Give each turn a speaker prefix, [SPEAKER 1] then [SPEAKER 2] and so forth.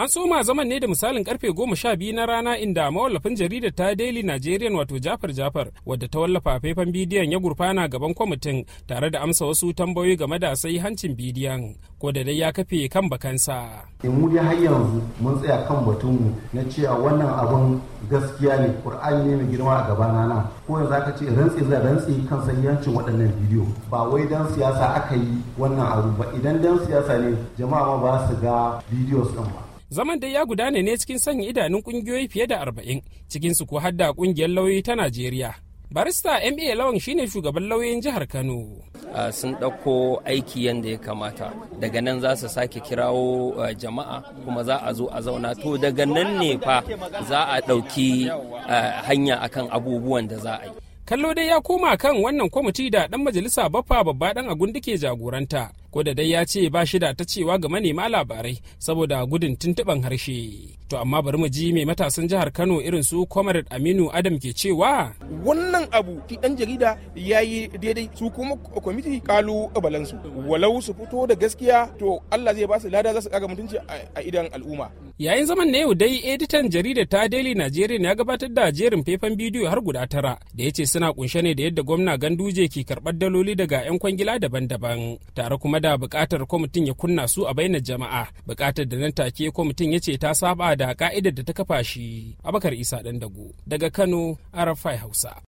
[SPEAKER 1] An soma zaman ne da misalin karfe goma sha biyu na rana inda mawallafin jaridar ta Daily Nigerian wato Jafar Jafar wadda ta wallafa faifan bidiyon ya gurfana gaban kwamitin tare da amsa wasu tambayoyi game da sai hancin bidiyon ko da dai ya kafe kan bakansa.
[SPEAKER 2] Eh, mu har yanzu mun tsaya kan batunmu na cewa wannan abun gaskiya ne Qur'ani ne mai girma a gabana na ko yanzu aka ce rantsi zai rantsi kan yancin waɗannan bidiyo ba wai dan siyasa aka yi wannan abu ba idan dan siyasa ne jama'a ma ba su ga bidiyo ɗin ba.
[SPEAKER 1] zaman dai ya gudana ne cikin sanya idanun kungiyoyi fiye da arba'in cikinsu ko hadda kungiyar lauyoyi ta
[SPEAKER 3] najeriya barista ma lawan shine shugaban lauyoyin jihar kano sun ɗauko aiki yadda ya kamata daga nan za su sake kirawo jama'a kuma za a zo a zauna to daga nan ne fa za a ɗauki hanya akan abubuwan da za a yi kallo dai ya koma kan wannan kwamiti da ɗan majalisa bafa babba dan agun
[SPEAKER 1] ke jagoranta ko da dai ya ce ba shi da ta cewa ga manema labarai saboda gudun tuntuɓan harshe To amma bari mu ji mai matasan jihar Kano irin su Comrade Aminu Adam ke cewa. Wannan abu ki dan jarida yayi yi daidai su kuma kwamiti kalu balansu. Walau su fito da gaskiya to Allah zai ba su lada za su kaga mutunci a idan al'umma. Yayin zaman na yau dai editan jaridar ta Daily Nigerian ya gabatar da jerin faifan bidiyo har guda tara da ya ce suna kunshe ne da yadda gwamna Ganduje ke karɓar daloli daga 'yan kwangila daban-daban tare kuma da buƙatar kwamitin ya kunna su a bainar jama'a buƙatar da nan take kwamitin ya ce ta saba da ka'idar da ta kafa shi abakar isa dago daga kano arafai hausa